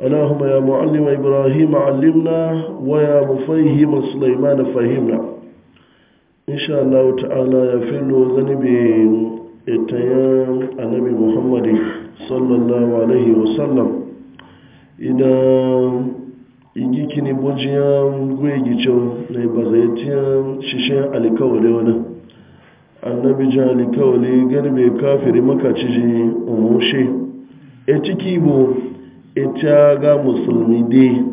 اللهم يا معلم إبراهيم علمنا ويا مفهم سليمان فهمنا إن شاء الله تعالى يفل ذنبي اتيان النبي محمد صلى الله عليه وسلم إذا igi kini bojiyan gwegi cewa na ibazaitiyan shishen alikawale wani annabi jan alikawale garbe kafiri makaci umushe e ciki bu ita e ga musulmi dai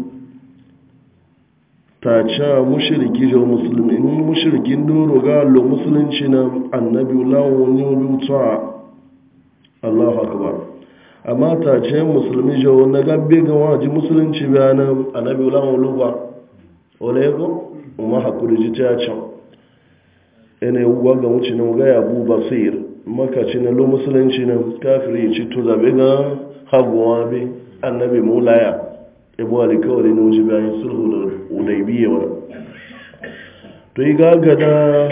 ta ca mushiriki jo musulmi in mushirikin doro ga lo musulunci na annabi lawo ne lutuwa allahu akbar amma ta ce musulmi jo na gabbe ga waji musulunci bayanan annabi lawo luwa olego umar hakuri ji ta can yana yi uwa ga wuce na ga yabu basir makaci na lo musulunci na kafiri ci to ga haguwa bi annabi mulaya ibu alikawari na wuce bayan sulhu da udaibiyya wani to yi gagada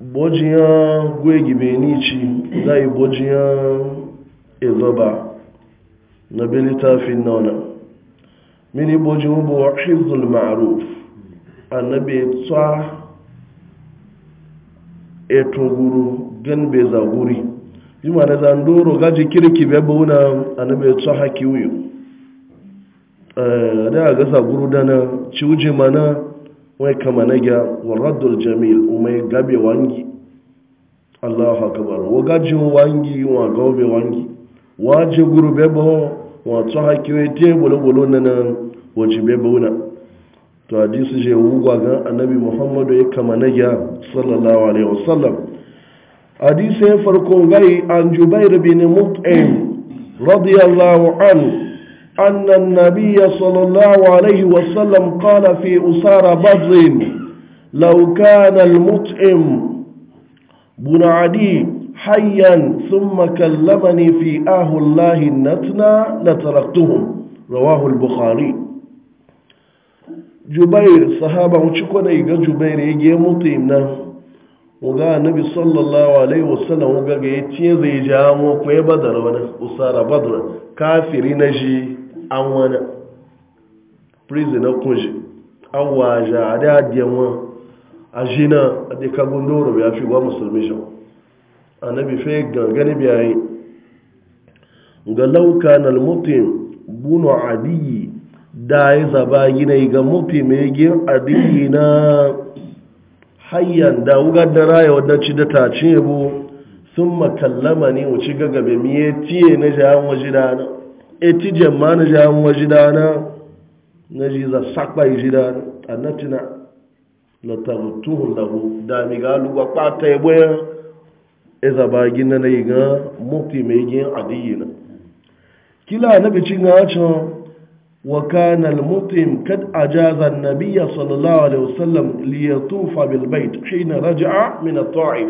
bojiyan gwegi benici za a yi bojiyan izaba na belitafin nauna mini bojin wa hizul ma'aruf annabi tsa etoguru gan guri ima da zandoro gaji kirki bai bauna annabi tso haki wuyo e, da ya gasa guru dana wuce mana wai kama na wa waradul jamil umai gabe wangi Allahu akbar wa gaji wangi wa gaube wangi waje guru bai bo wa tso haki wai te bolo na na waje bai bauna to hadisi je wugwa ga annabi muhammadu ya kama na gya sallallahu alaihi wasallam hadisai غي عن جبير بن مطعم رضي الله عنه أن النبي صلى الله عليه وسلم قال في أسار بدر لو كان المطعم بن عدي حيا ثم كلمني في آه الله النتنى لتركتهم رواه البخاري جبير صحابة وشكونا يجا جبير يجي مطيمنا ga annabi sallallahu alaihi wasallam ga ga yace zai ja mu ko ya badar wani usara badr kafiri na ji an wani prisoner kunji an waja a da adiyanwa a jina a da gundoro ya fi wa musulmi shi annabi fe gangani biyayi ga lauka na mutum bunu adiyi da ya zaba gina ga mutum mai gin adiyi na hayyan da wugar da raya wadda ci da ta ce bu sun makallama ne wuci gagabe mi ya tiye na jahan waje dana e ti jamma na jahan waje dana na ji za sakpa yi ji dana na la tarutuhun lahu da mi ga lugwa kwata ya boyan e zaba gina na yi ga mukti mai gin adiyina kila na bicin ga wacin وكان المطعم قد أجاز النبي صلى الله عليه وسلم ليطوف بالبيت حين رجع من الطائف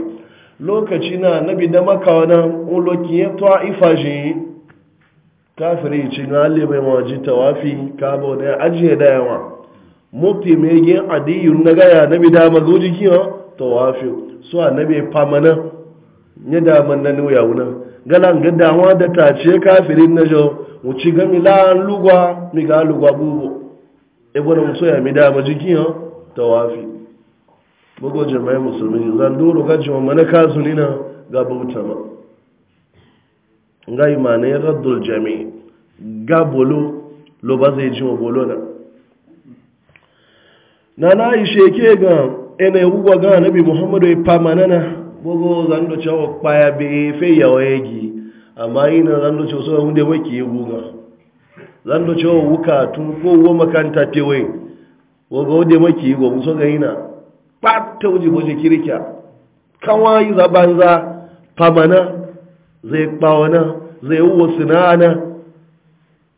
lokaci na nabi da makawana ulokin ya tuwa ifashi kafiri ci na alibai mawaji tawafi kabo da ajiye da yawa mufti mai yin adiyun na gaya nabi da magoji kiyo tawafi so a nabi famana ya daman wuna galan gaddawa da tace kafirin na wuci ga mi la lugwa mi ga lugwa bubo e gwada musu ya mi dama jikin ya tawafi bugo jama'ai musulmi zan doro ga jima mana kasu nina ga bauta ma ngai ma ne raddul jami ga bolo lo ba zai jima bolo na na na yi sheke ga ene ugwa ga nabi muhammadu ya pamanana bugo zan do cewa kwaya be fe yawa yagi amma yi na zan locewa sauran hunde wai ke yi guga zan locewa wuka tun kowa makanta te wai waga wadda maki yi gwamnati ga yi na ɓata wuce waje kirkiya kawai za famana zai kpawana zai uwa sinana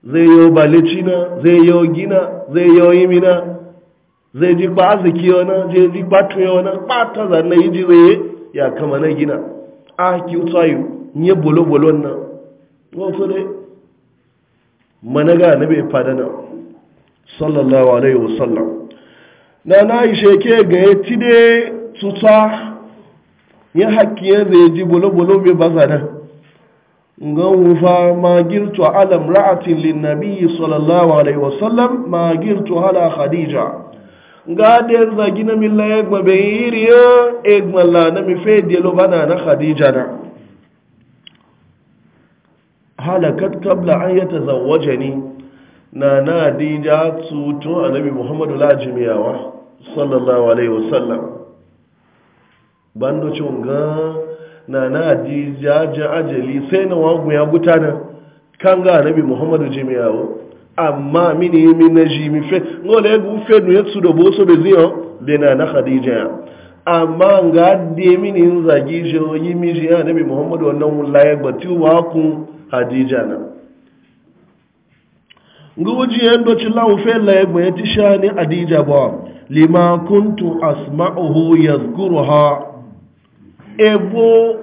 zai yi balicina zai yi gina zai yi imina zai ji kpa arziki yana zai ji ba tuyo wana, ɓata ta yi ji zai ya kama na gina a ki nye bolo bolo na wato ne. managa na bai fada na sallallahu alaihi wasallam na na yi sheke ga ya ti dai tuta ya haƙƙi ya zai ji bolo bolo bai baza na ngan wufa ma girtu ala imra'atin lin sallallahu alaihi wasallam ma girtu ala khadija zagi na milla ya gbabe iriya egma la na mi fe dielo bana na khadija na halakat kabla an yata zawaje ni na na dija tutun annabi muhammadu lajimiyawa sallallahu alaihi wasallam bando cunga na na dija ji ajali sai na wangu ya gutana kan ga annabi muhammadu jimiyawa amma mini mi na ji mi fe ngole gu fe nu yetsu do boso bezion de na na khadija amma ga de mini nzagi jo yi mi ji annabi muhammadu wannan wallahi batu wa kun khadija na nguji yando chilawu fela yegwe shani khadija ba lima kuntu asma'uhu yadhkuruha ebo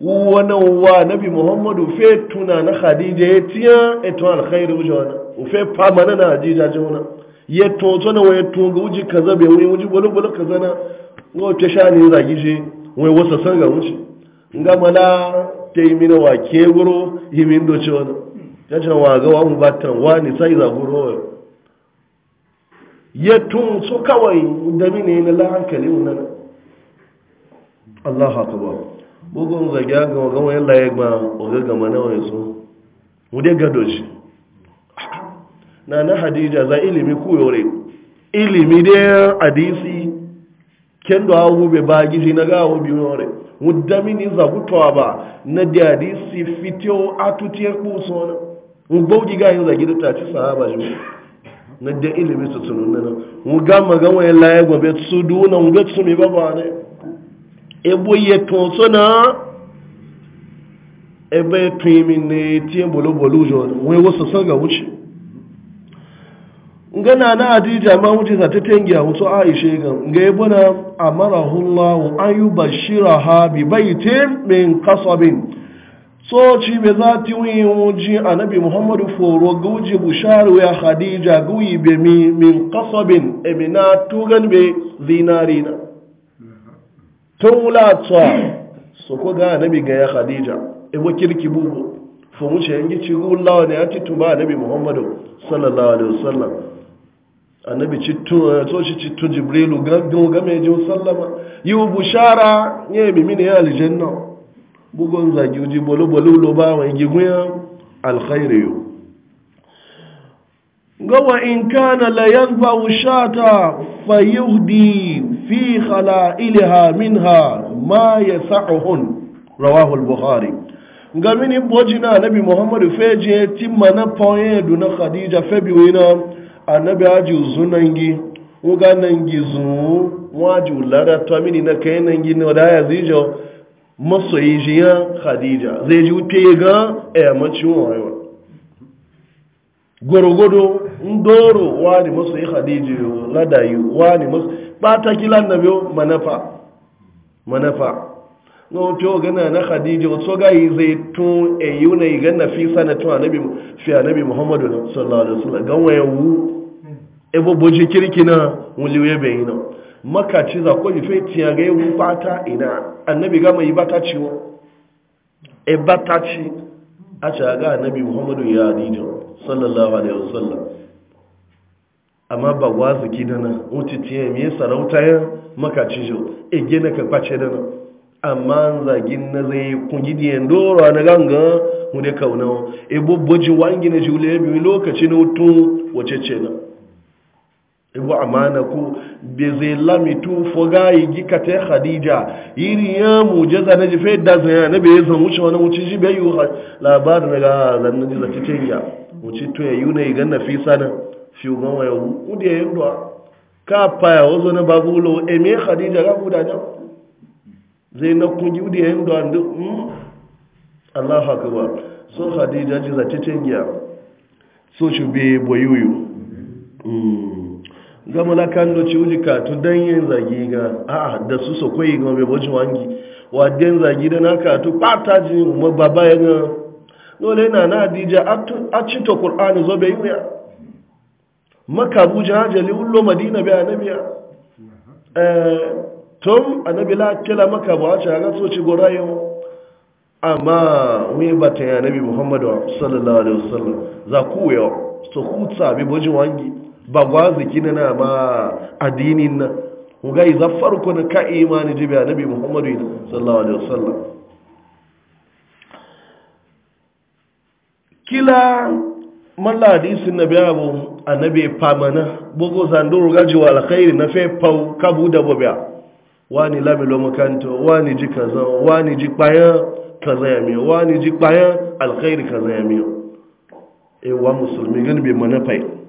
wana wa nabi muhammad fe tuna na hadija yetiya eto alkhairu wujona ufe pamana na hadija jona yeto tona we tunga uji kaza be uji bolo bolo kaza na ngo teshani zagije we wasa sanga wuce ngamala ta yi mina wa ke wuro yi min doce wani yancan wa ga wa mubatan wa ni sai za guro wa ya tun so kawai da mini na la hankali wannan Allah akbar bugun zagya ga ga wani la yagma oga ga mana wa yaso mu dai gado na na hadija za ilimi ku yore ilimi dai hadisi kendo awu be bagiji na gawo bi nore mudamini za gutwa ba na dadi si fitio kuso na. ngboji ga yin za gidu ta ci sahaba ju na da ilimi su na na. mu ga magawa ya laye gobe su duna mu ga su mi baba ne e boye to sona e be timi ne tie bolo jo we wo so ga wuce ngana na adija ma wuce za ta tengiya wasu aisha gan ga yi buna amarahullahu an yi bashira ha bi baitin min kasabin so ci be za ti wuyi wuji anabi muhammadu foro ga wuji busharu ya khadija ga wuyi be mi min kasabin emina tugan be zinari na tun wulatsa so ko ga anabi ga ya khadija ebo kirki bugu fa wuce yanki ci gulawa ne ya ci tuba anabi muhammadu sallallahu alaihi wasallam annabi toshi eh, citu jibrilu game jin sallama yi bushara ya yi mimini ya aljanna bugun zagi uji bolo lo ba wa alkhairu yau gawa in kana la yanfa ushata fa yuhdi fi khala'ilha minha ma yasa'uhun rawahu al-bukhari gamini bojina nabi muhammadu feje timma na poye duna khadija febiwina annabi aji zunangi uga nangi zun waji ulara to mini na kai nangi na da ya zijo masoyi ijiya khadija zai ji wuce ga e ci wayo gorogodo ndoro wani yi khadija ladayi wani ba bata kila annabi manafa manafa na wato gana na khadija wato yi zai tun e yi ga nafisa na tun annabi fi annabi muhammadu sallallahu alaihi wasallam ganwaye wu ebo kirki na wuliwe bai na makaci za ko jife tiya ga yi bata ina annabi gama yi bata ciwo e bata ci a ci ga annabi muhammadu ya hadijo sallallahu alaihi wasallam amma ba wasu gida na wuce ya mai sarauta ya makaci jo e gina ka kwace da na amma zagin na zai kungi da yan doro na ganga mu da kauna e bobbojin wangina jule biyu lokaci na hutun wace ce na ibu amana ku be zai lamitu foga yi gika ta khadija yiri ya mujaza na jife da zaya na bai zan wuce wani wuce ji bai yi labarin na ga zanna ji zaci tenya wuce to ya na yi ganna fi sana fi gama ya kudi ya yi ka paya wazo na babu lo e me khadija ga guda jan zai na kungi wude ya yi doa ndu hmm? allahu akbar so khadija ji zaci tenya so shi be boyuyu mm gama na kan doci wuji katu don yin zagi ga a da su so kwaye ga mai bocin wangi wadden zagi da na katu ɓata ji ma baba ya ga dole na na adija a cinta ƙur'ani zo bai yi wuya maka buja hajjali ullo madina bai anabiya eh, tom anabi la la'akila maka bu wace haka so ci gora yau amma wani batan ya nabi muhammadu sallallahu alaihi wasallam za ku yau so ku bai bocin wangi ba gwa ziki na ma addinin na kuga zafar farko na ka imani jibi nabi muhammadu sallallahu alaihi wasallam kila malla hadisin nabi abu nabi pamana bogo zanduru gaji wa alkhairi na fe pau kabu da bobia wani lamilo makanto wani ji kaza wani ji kpaya kaza ya miyo wani ji kpaya alkhairi kaza ya miyo ewa musulmi gani bi mana fai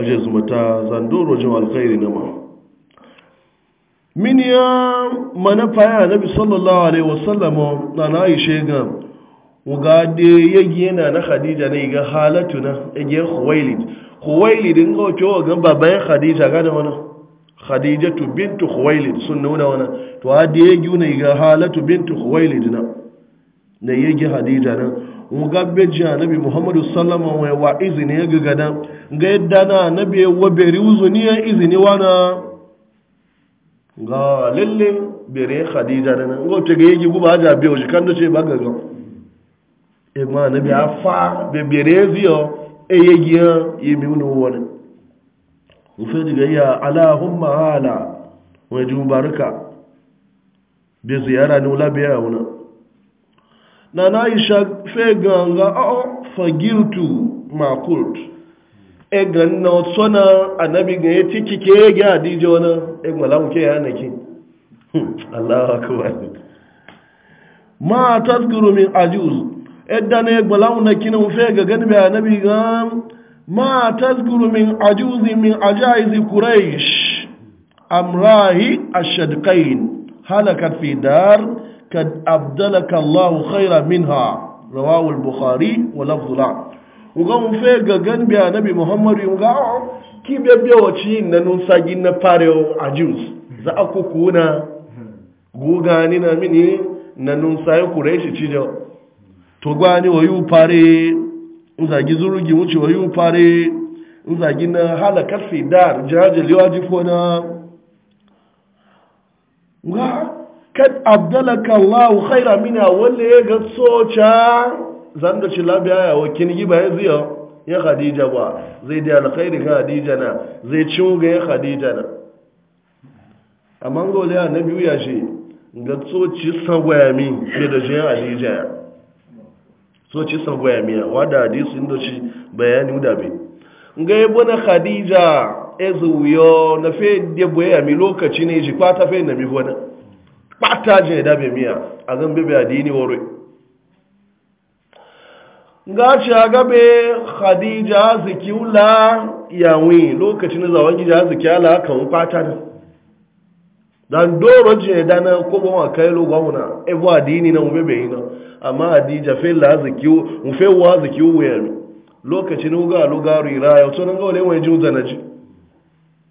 aje su mata zandoro jin alkhairi na ma min ya manafa ya nabi sallallahu alaihi wasallam na na aisha ga wuga de yagi yana na khadija ne ga halatu na yagi khuwailid khuwailid in ga ko ga baban khadija ga da wani khadija tu bintu khuwailid sun nuna wani to hadi yagi ne ga halatu bintu khuwailid na ne yagi khadija na mugabbe ji annabi muhammadu sallama wa wa izini ya gagada ga yadda na annabi wa beri uzuni ya izini wana ga lalle bere khadija da nan ga tege yi guba da be oji kan ce ba gaga e ma annabi afa be bere ziyo e yegi ya mi wono wona mu fe diga ya alahumma ala wa jubaraka be ziyara ni wala be ya na na isha fe ganga o ah, ah, fagiltu makult e ganna otsona anabi ga yati e kike ga adije wana e mala muke ki? allah akbar ma tazkuru min ajuz edana e mala e unaki na fe ga bai anabi ga ma tazkuru min ajuz min ajaiz quraish amrahi ashadqain halakat fi dar kad abdalaka Allah khaira minha rawahu al-bukhari wa lafzu la uga mun fe ga gan bi annabi Muhammad uga ki be be waci na nun sagi na fare a Jews za a ku kuna guga ni na mini na nun sai ku reshi cijo to gwani wayu fare uzagi zurugi wuce wayu in uzagi na halakar fi dar liwaji yaji fona uga kad abdalaka Allah khaira mina wanda ya ga tsoca zan da ci labiya ya wakin giba ba ziyo ya Khadija ba zai da alkhairi ga Khadija na zai ci ga ya Khadija na amma gole ya nabi ya shi ga tsoci sagwaya min ke da jin Khadija ya tsoci sagwaya min wada hadisi inda shi bayani da bi ga yabo na Khadija yo na fe de boya mi lokaci ne ji kwata fe na mi bona pata jin da bai miya a zan bebe adini wuri gaci a gabe khadija ziki la yawi lokacin zawon gida ziki ala kan fata da dan doro jin da na ko ba kai lo gwamna e bo adini na bebe ina amma adija fe la ziki mu fe wa ziki wuyar lokacin uga lugaru iraya to nan ga wale wani juda naji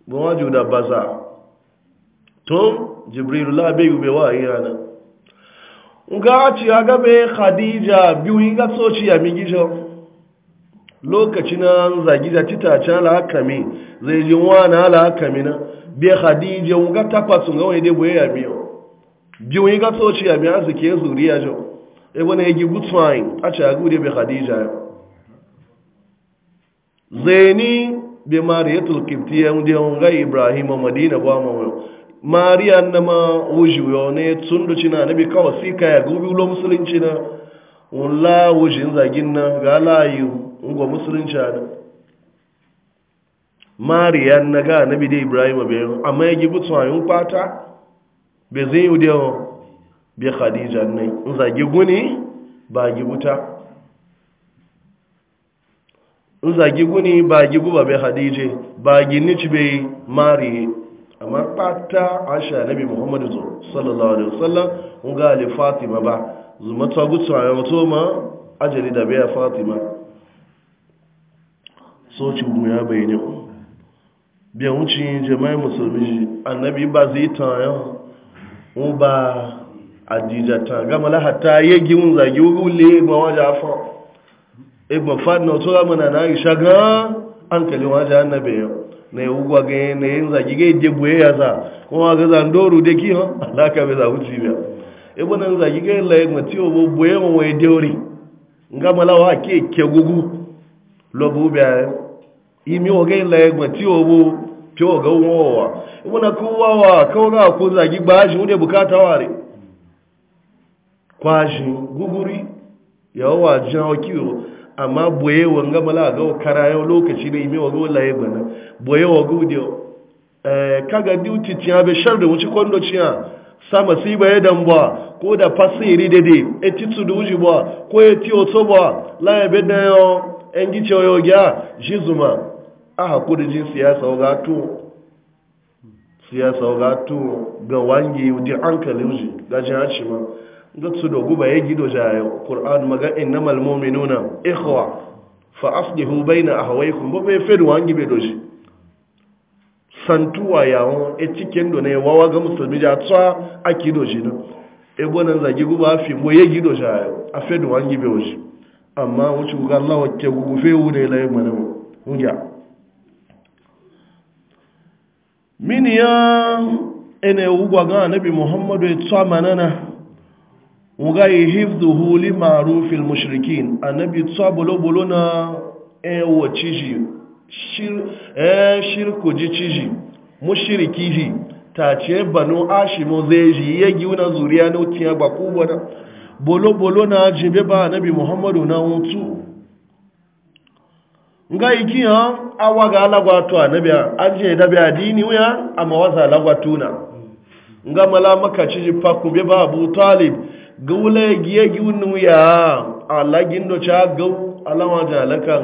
ba waju da baza to jibril la be yube wa yana nga ci aga be khadija biyu ga soci ya migijo lokaci na zagi da tita can alhakami zai ji wani alhakami na be khadija nga takwasu ga wani debo ya biyo biyu ga soci ya mi arziki zuriya jo ebe na yagi e gutsuwain a ci aga be khadija zaini be mariyatul kiptiya wunde wunga ibrahim a madina ba mawayo mariya na ma wuji ne tun da cina na bi kawai sai ka ya gobe ulo musulunci na wula wujin zagin na ga layu ngwa musulunci na mariya na ga na bi da ibrahim bai amma ya a yin fata bai zai yi da bai khadija ne zagi guni ba gibuta zagi guni ba gi guba bai khadija ba ginici bai mariya kamar ɓata aisha nabi muhammadu sallallahu alaihi wasallam mun ga ali fatima ba zuma ta gutsu a yawato ma ajali da biya fatima so ci mu ya bayyana biya wuce jama'i musulmi annabi ba zai ta ya mun ba adija ta gama lahata yegi mun zagi wule ma waje afa ibn fadna to ga mana na isha ga an kalin waje annabi yau na ya ugwa ga na yin zagi ga ide buye ya sa kuma ga zan doru da kiyo alaka bai za wuce biya ibu nan zagi ga yin layin mati obo buye wa wai deori nga malawa ke ke gugu lobu biya imi wa ga yin layin mati obo fiyo ga wa ibu na kowa wa kawo ga ko zagi ba ji wude bukata ware kwashin guguri yawa jan kiwo amma buye wanga mala ga kara yau lokaci ne imi wa gola ya bana boye wa gudiyo eh, kaga duty tiya be shar da wuce kwando ciya sa masiba ya dan ba ko da fasiri dede e titu da wuji ba ko e ti oto ba la ya be da yo en gi yo ya jizuma a hakuri jin siyasa ga tu siyasa ga tu ga wangi di hankali wuji ga jin haci ma ga su da guba ya gido ja qur'an maga innamal mu'minuna ikhwa fa aslihu bayna ahwaykum bo be fedu wangi be doji santuwa yawon e cikin do ne wawa ga musulmi ja tsa a kido shi nan e bonan zagi guba fi bo ye gido a fe an gibe be amma wuce ga Allah wacce gugu fe wu ne lai e mana ngiya min ya ene ugwa ga nabi muhammadu ya e tsa manana wuga yi huli li ma'rufil mushrikin anabi tsa bolo bolo na e wace Eh, shirku ji ciji mushiriki ji ta ce banu ashimu zai ji ya gi wuna zuriya na ya ba kuwa na bolo-bolo na jibe ba nabi muhammadu na otu nga iki ha awa ga alagwatu a nabi an ji da bi adini wuya a mawasa alagwatu na nga mala maka ciji fakku be ba abu talib ga wula ya gi ya gi wuna wuya a lagin ga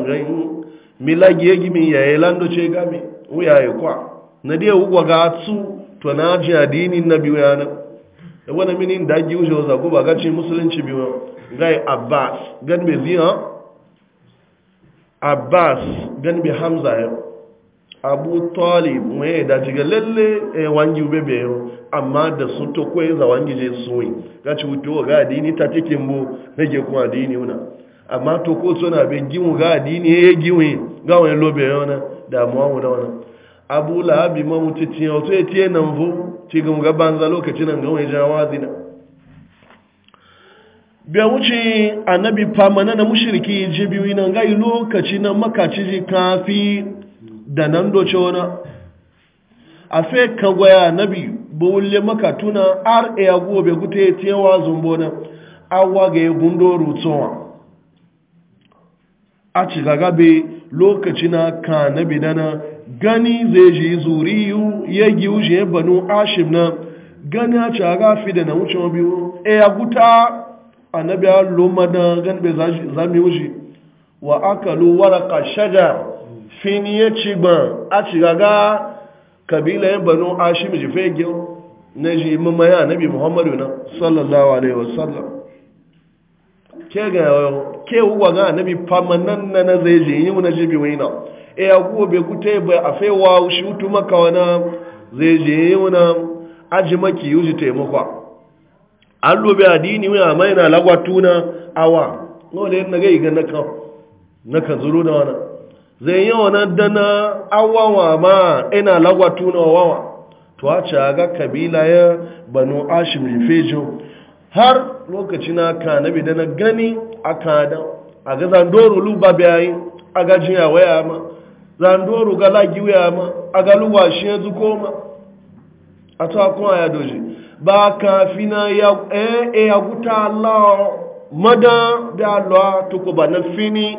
milagi ya gimi ya yi lando ce gami wuya ya kwa na dia ugwa ga atu to na ji adini na biyu ya nan da wani mini da ake wuce wasa ga ce musulunci biyu gai abbas gan bai ziya abbas gan bai hamza ya abu talib mai da jiga lalle e eh, wangi ube bai yau amma da su to kwaye za wangi je suwi ga ci wuto ga adini ta cikin bu rage kuma adini una? amma to ko na be gimu ga adini ye gimu ga wani lobe yana damuwa mu da abu lahabi ma mutu tiye wato ya tiye nan fu ci ga banza lokacin nan ga wani jawa zina biya wuce annabi famana na mushriki je biyu nan ga yi lokaci na makaci ji kafi da nan doce wani a fe kagwaya annabi ba wulle maka tuna ar e agobe gute tiye wa zumbo na ga gundo rutsuwa a ci gagabe lokaci na ka na bidana gani zai ji zuriyu ya giyu wuce ya banu ashim na gani a ci fi da na wuce biyu e ya guta na biya loma da gani bai zami wuce wa aka lu waraka shajar fini ya ci ban a ci gaga kabila ya banu ashim ji fegin na ji mamaya nabi muhammadu na sallallahu alaihi wasallam ke ga ke uwa ga annabi famanan na na zai je yi na jibi waina e ya be ku te ba a wa shi utu maka wana zai je yi wana aji maki yuji te maka allo be adini wa mai na lagwatuna awa le na ga yi na na kan zuru da wana zai yi wana dana awawa ma ina e lagwatuna wawa to a ga kabila ya banu ashim fejo har lokaci na ka na bi da na gani a kada a ga zandoro luba bayayi a ga jiya waya ma zandoro ga lagi waya ma a ga luwa shi yanzu koma a ta kuma ya doji ba kafi na ya eh ya e, guta Allah mada da Allah to ko ba na fini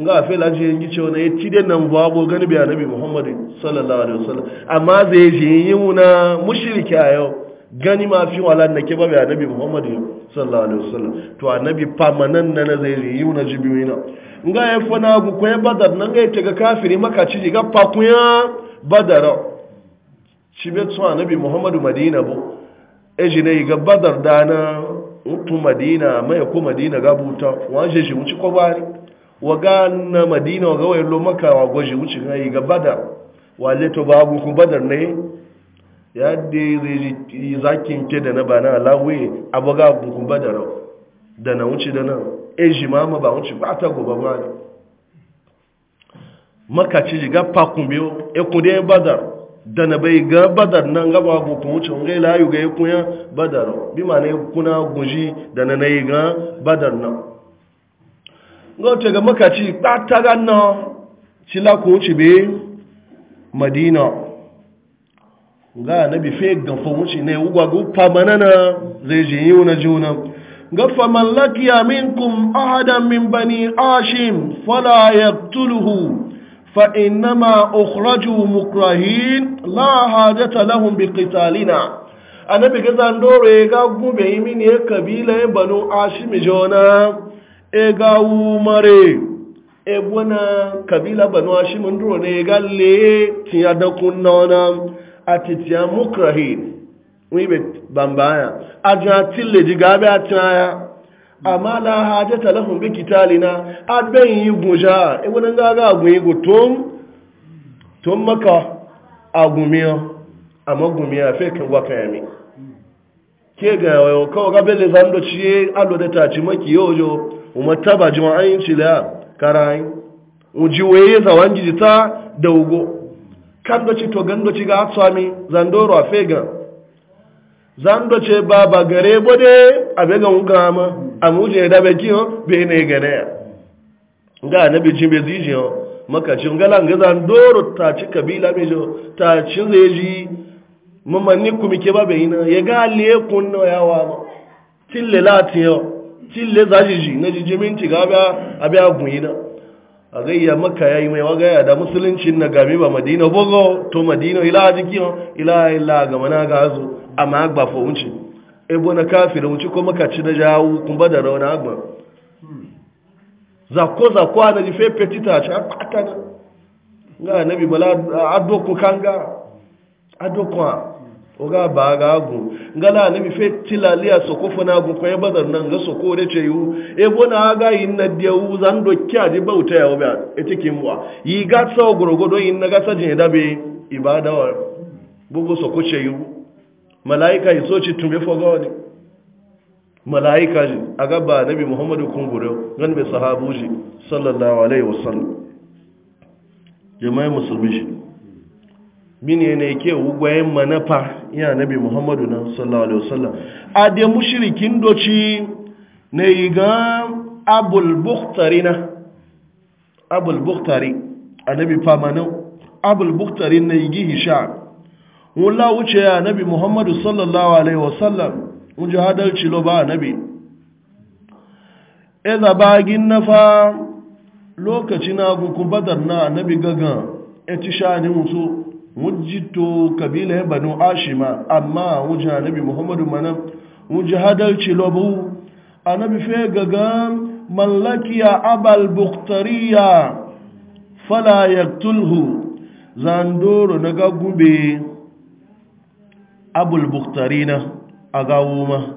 nga fe la je ngi chona e tide nan babu gani bi annabi Muhammad sallallahu alaihi wasallam amma zai je yi muna mushrika yau gani ma fi wala na ke babu annabi muhammadu sallallahu alaihi wasallam to annabi famanan nan na zai yi na jibiwina nga ya fana gu ko ya badar nan ga ta kafiri maka ci ga fakuya badara ci be tso annabi muhammadu madina bu e jine ga badar dana mutu madina mai ko madina ga buta waje shi mu ci ko bari waga na madina waga lo maka wa goje mu ci ga badar wale to babu ku badar ne yadda zai zakin ke da na ba na alawe abuga gugumba da rau da na wuce da nan e ji ma ba wuce ba ta gobe ba ne makaci ji gafa kumbe e da ya badar da na bai ga badar nan gaba gukun wuce ngai layu ga yakun e ya badar bi ma ne kuna guji da na yi ga badar nan ngote ga makaci ba ta ga nan ci la ko wuce be madina ga nabi fe gafa wuce ne ugwagu famanana zai je yi na juna ga faman lakiya minkum ahadan min bani ashim fala yaqtuluhu fa innama ukhraju mukrahin la hajata lahum bi qitalina annabi ga zandoro ya e ga gube yi mini ya e kabila ya e banu ashim jona e ga umare e bona kabila banu ashim ndoro ne ga le tiya da kunna atitiya mukrahin wibe bambaya ajatille jigabe ataya amma la hajata lahum bi kitalina adben yi guja e wona gaga agun yi gutum tum maka agumiyo amma gumiya fe kan waka yami ke ga yo ko ga bele zando ci allo da ta ci maki yojo umataba juma'in ci la karai yi weye zawangi ta da ugo kan doci to gan doci ga tsami zandoro afega zando ce baba gare bode a bega uga ma amuje da be kiyo be ne gare ga na bi jin be zijiyo maka gala ga nga zandoro ta ci kabila me jo ta ci zeji mamanni kuma ke ba babe ina ya ga le kunno yawa ma tille latiyo tille zajiji na jijimin ti ga abia abia gun ina a gayya maka yayi mai wagaya da musuluncin na gami ba madina bogo to madina ila jiki ila ila ga mana ga azu amma gba fo unci e bona kafira unci ko maka ci da jawu kun ba da rauna agba zakko zakko ana ji fe petita cha patana ga nabi bala addo ku kanga addo ku oga ba ga agu ngala ne bi fe tilali a soko fana agu ko yaba nan ga soko da ce yu e bona ga yin na de u zan do kya di bauta ya oba ete kin wa yi ga gorogo gorogodo yin na ga sajin da be ibada wa bugu soko ce yu malaika yi so ci tumbe fo ga wani malaika ji aga ba nabi muhammadu kun gure gan be sahabu ji sallallahu alaihi wasallam jama'a musulmi shi mini ne ke ugwayen manafa iya nabi muhammadu na sallallahu alaihi wasallam a da mushrikin doci na yi ga abul bukhtari na abul bukhtari a nabi famanin abul bukhtari na yi gihi sha wula wuce ya nabi muhammadu sallallahu alaihi wasallam wuce hadalci lo ba nabi eza na fa lokaci na gukun badar na nabi gagan ya ci sha ne mutu mujito kabila ya banu ashima amma wujen annabi muhammadu mana wujen hadalci lobu annabi fe gaga mallakiya abal buktariya fala ya tulhu zandoro na gagube abul buktarina a gawuma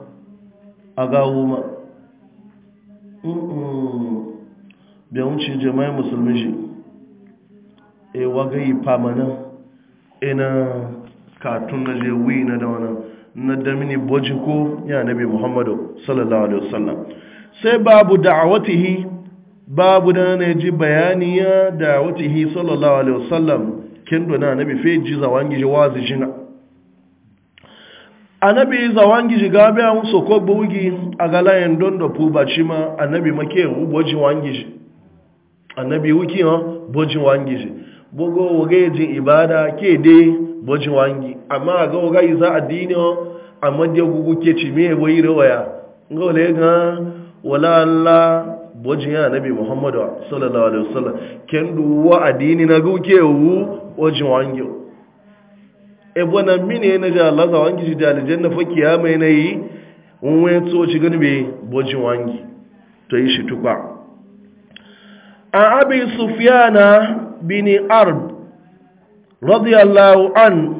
a gawuma biyan wuce jama'i musulmi shi e waga yi famanan ina katun na lewi na da wani na damini bojiko ya nabi muhammadu sallallahu alaihi wasallam sai babu da'awatihi babu da na ji bayani ya da'awatihi sallallahu alaihi wasallam kendo na nabi feji zawangi wazi jina anabi zawangi gabe biya musu ko bugi a galayen don da ba shi ma annabi make bojin wangi nabi wuki ha bojin wangi bugo wage ji ibada ke de boji wangi amma ga ha iza addini amma de gugu ke ci ebo ire waya rawaya ole ga wala Allah gboji ya nabi muhammadu sallallahu alaihi wasallam ken du wa addini na guke wu boji wangi e bona mine na ji Allah za wangi da aljanna fa kiyama na yi unwe to ci gani be boji wangi to yi shi tukwa a abi sufyana bin arb radiyallahu an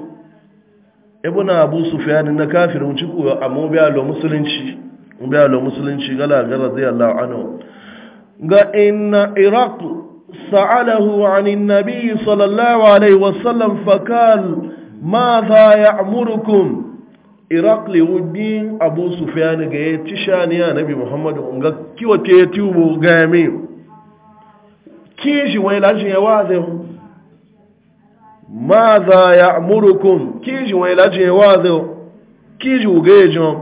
ibn abu sufyan na kafirin ciku amma bi alo musulunci bi alo musulunci gala ga radiyallahu anhu ga inna iraq سأله عن النبي صلى الله fakal ma za ya'murukum iraq li Udin Abu Sufyan ga ya ci shaniya Nabi Muhammadu ga kiwata ya tubo ga min kiji wani lajin ya wazin ma za ya murukun kiji wani lajin ya wazin kiji wuga ya jan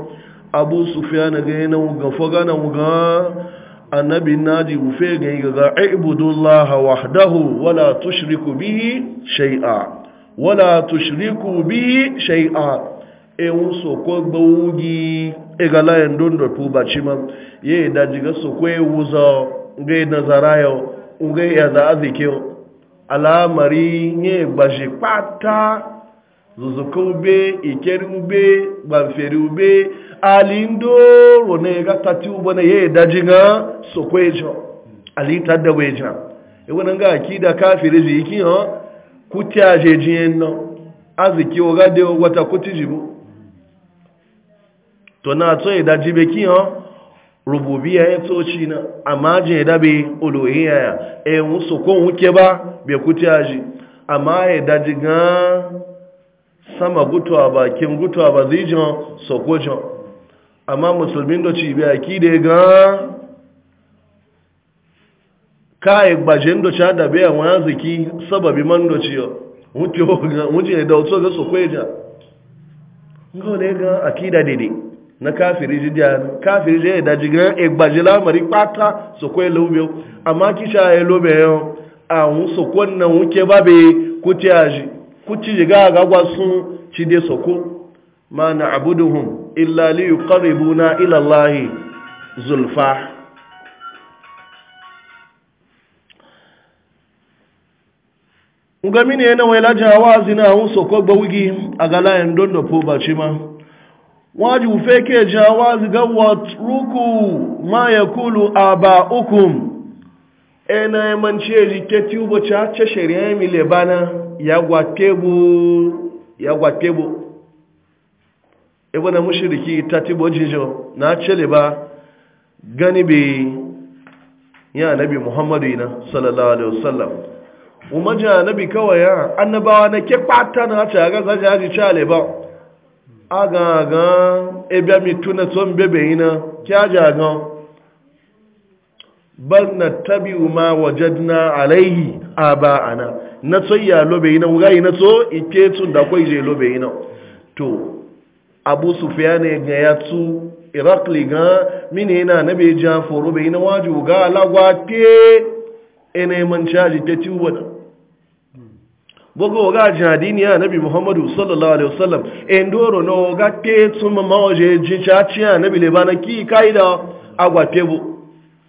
abu sufiya na gani na wuga faga na wuga annabi naji wufe gani gaga ibudullah wahdahu wala tushriku bihi shay'a wala tushriku bihi shay'a e wuso ko gbawugi e ga layan dondo tuba cima ye da jiga so ko e wuzo ga nazarayo nga ya za azike alamari nye gbaji pata zuzuka ube ikeri ube gbanfere ube ali ndo ro na ga tati ubo na ye daji nga sokwejo ali tadda weja ewana nga akida kafiri ji iki ha kutya je jienno azike oga de ogwata kutijibu to na to ye daji be ki ha rububiya ya tsoci na amma jin dabe olohiyya ya e musu kun wuke ba bai kuti ji amma ya daji gan sama gutuwa bakin gutuwa ba zai jin sokojo. amma musulmin da ci biya ki da ga kai gbajen da cha da biya wani ziki sababi man da ci wuce da wato ga sokoja ga ne ga akida daidai na kafiri ji dia kafiri ji da jiga e gbajila mari pata so ko elo mi amma kisha elo me yo awun so ko na wuke babe kuti aji kuti jiga ga gwasun ci de soko ma na'buduhum illa li yuqarribuna ila allahi zulfa ngamine na wela jawazi na awun soko gbawugi agala en dondo po bachima waji ufeke jawazi ga watruku ma a aba'ukum ena emance liketi ubo cha cha sheria mi lebana ya gwakebu ya gwakebu ebe na mushriki tatibo jijo na chele ba gani be ya nabi muhammadu ina sallallahu alaihi wasallam umaja nabi kawai ya annabawa na ke kwata na ta ga zaji chale ba a ga-aga ebe mitu na son bebe ina kyaja ga bal na tabi ma wajadna alaihi ana na so ya lobe ina wuga na so ike tun da kwai je lobe ina to abu na ga ya tu irakli ga mini ina na be ja foro be ina waju ga alagwa ke ene man chaji te ti bogo ga jihadini ya nabi muhammadu sallallahu alaihi wasallam endoro na oga pe tuma mawaje jichachi chi nabi le bana ki kaida agwa pebo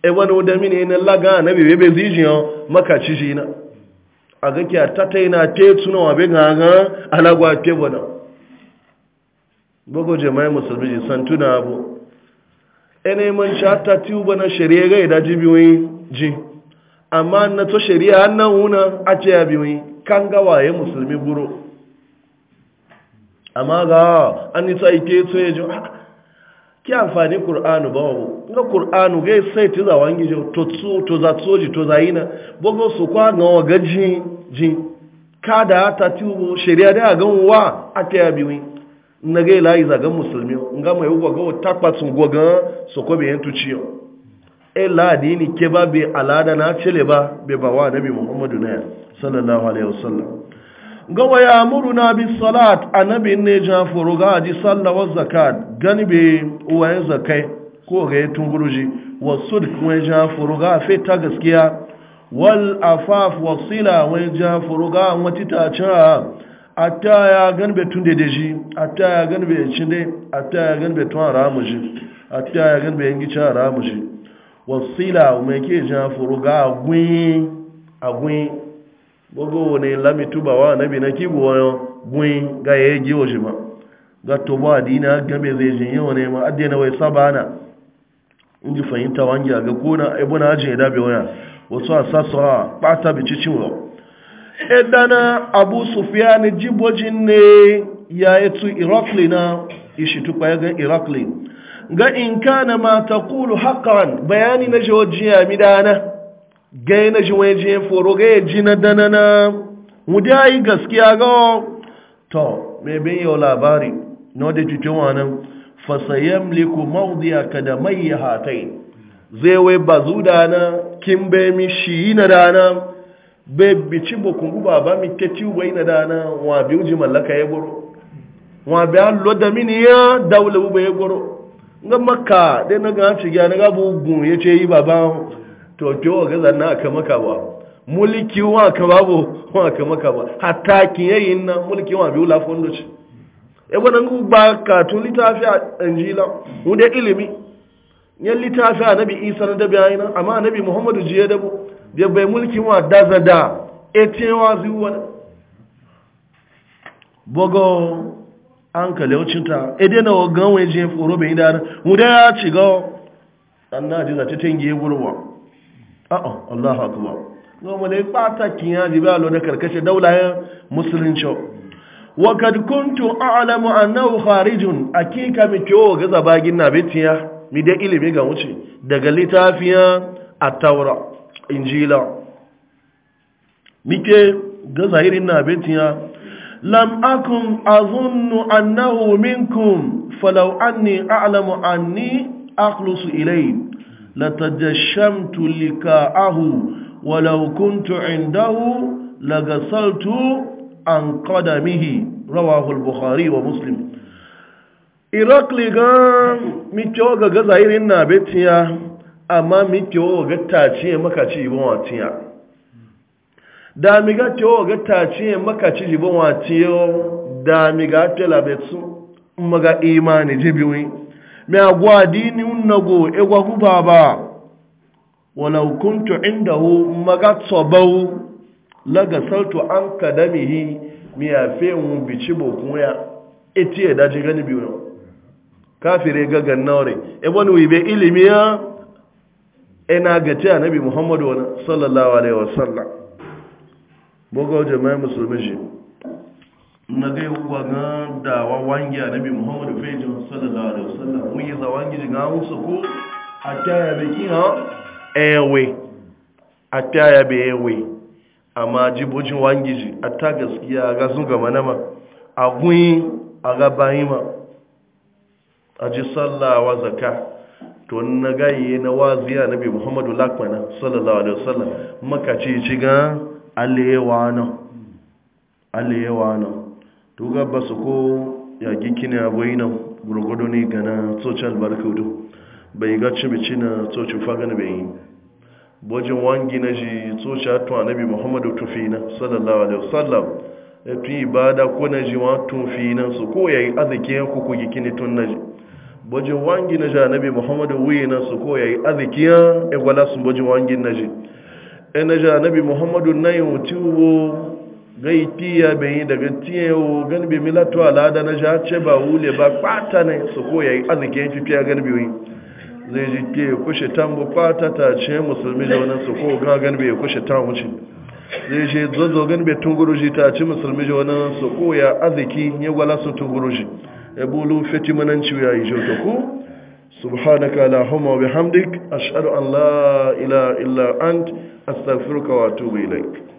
e wani da mini na laga nabi bebe zijiyo maka na a ga ki tata ina te tuna wa be ga ga alagwa pebo na bogo jama'a musulmi ji santu na abu ene man shata tiuba na shari'a ga da jibiwi ji amma na to shari'a annan una a ce ya biwi kan gawaye musulmi guro amma ga an yi tsaike to ya ji ah, ki amfani ƙur'anu ba wabu ga ƙur'anu ga sai ti zawon gijo to za tsoji to za yi na bugu su kwa ga wa ji kada ta tubo shari'a da gan wa a ta yabi wi na ga layi zagan musulmi ga mai ugwa ga takpatsun gogan su ko bai yantu ciyo e ladi ni ke ba bai alada na cile ba bai bawa nabi muhammadu na yasa sallallahu alaihi wasallam gawa ya muru na bi salat annabi ne jan furu ga ji wa zakat gani be ya zakai ko ga ya tunguruji wasu da wani jan furu ga fe ta gaskiya wal afaf wasila wani jan furu ga wata ta a ta ya gani be tun da shi ta ya gani be cin dai ta ya gani be tun ramu shi ta ya gani be yanki cin haramu shi wa mai ke jan furu ga a agwin gbogbo ne lami tuba wa nabi na kibu wa buin ga ya yi jiwo shi ma ga to ba dina gabe zai jin yawa ne ma adena wai sabana in ji fahimta wangi ga ko na ibu na ajiye idabe wani wasu a sassawa bata bi cicin wa edana abu sufiyan jibojin ne ya etu tu irakli na ishi tukwa ya ga irakli ga in kana ma ta kulu hakan bayani na jawajiya midana gai na jiwon jiyan foro gai ji na danana wudi a yi gaskiya ga to mai bin yau labari na wadda cikin wannan fasayen liku maudiya a kada mai hatai zai wai bazu dana kin bai mi shi yi na dana bai bici bukun guba ba mi ta ciwo na dana wa biyu ji mallaka ya goro wa biya da mini ya daula bu ya goro nga maka dai na ga ci ga na ga bugun ya ce yi baba to ke wa gaza na aka maka ba mulki wa ka babu wa ka maka ba hatta kiyayin na mulki wa biyu lafon doci e wannan ba ka to litafi a injila mu da ilimi ya litafi a nabi isa na da bayan amma nabi muhammadu jiya da bu da bai mulki wa da zada etewa zuwa bogo an kale ucinta ede na wagan waje foro bai da mu da ya ci ga annaji za ta tangiye burwa a'a uh-uh, Allahu akbar goma dai fatakin ya jibi a lona karkashin daulayen musulunci wa kad kuntu a'lamu annahu kharijun akika mi kyo ga zabagin na mi da ilimi ga wuce daga litafiya at-taura injila mike ga zahirin na lam akum azunnu annahu minkum falau anni a'lamu anni aqlusu ilayhi لتجشمت لكاءه ولو كنت عنده لغسلت عن قدمه رواه البخاري ومسلم irakli ga mikewa ga gaza irin na betiya amma mikewa ga tace makaci ibon watiya da mi ga kewa ga tace makaci ibon watiyo da mi ga tela betsu maga imani jibiwi mi agwa dini unnago egwa guba ba walau kuntu indahu magatsobau laga saltu an kadamihi mi afe mu bici bokun ya eti ya daji gani biyu no kafire ga Ebe e wani ilimi ya ina ga ci nabi muhammadu sallallahu alaihi wasallam bogo jama'a musulmi na ga yiwuwa ga dawa wangi nabi muhammadu fejin sallallahu alaihi wasallam mun yi za wangi ga gawun ko a taya bai ha ewe a taya be ewe amma jibojin wangi ji a ta gaskiya ga sun gama nama a gunyi a ga bayi ma a ji sallawa zaka to na gaye na waziya nabi muhammadu lakmana sallallahu alaihi wasallam makaci ci ga alewa nan alewa nan to gaba su ko yagi kini abuwa nan gurgudu ne gana tsocin albarka hudu bai ga cibici na tsocin fagan bai yi bojin wangi na ji tsocin hatu annabi muhammadu tufi na sallallahu alaihi wasallam ya e tun ibada ko na ji wa tufi na su ko ya yi arziki ya kuku gikini tun na ji bojin wangi na ji annabi muhammadu wuyi na su ko ya yi arziki ya gwala sun bojin wangi na ji ya e na ji annabi muhammadu na yi mutu gai tiya bai yi daga tiyewo ganbe milato alada na ja ce ba wule ba kwata ne su koya yi arziki ya fifiya ganbe wani zai ji ke kushe tambu kwata ta ce musulmi da wani su ko ga ganbe ya kushe wuce zai ce zozo ganbe tunguruji ta ce musulmi da wani su ko ya arziki ya gwala su tunguruji ya e bulu fiti mananci ya yi jota ku subhanaka la homo bi hamdik ashadu an la ilaha illa ant astaghfiruka wa atubu ilaik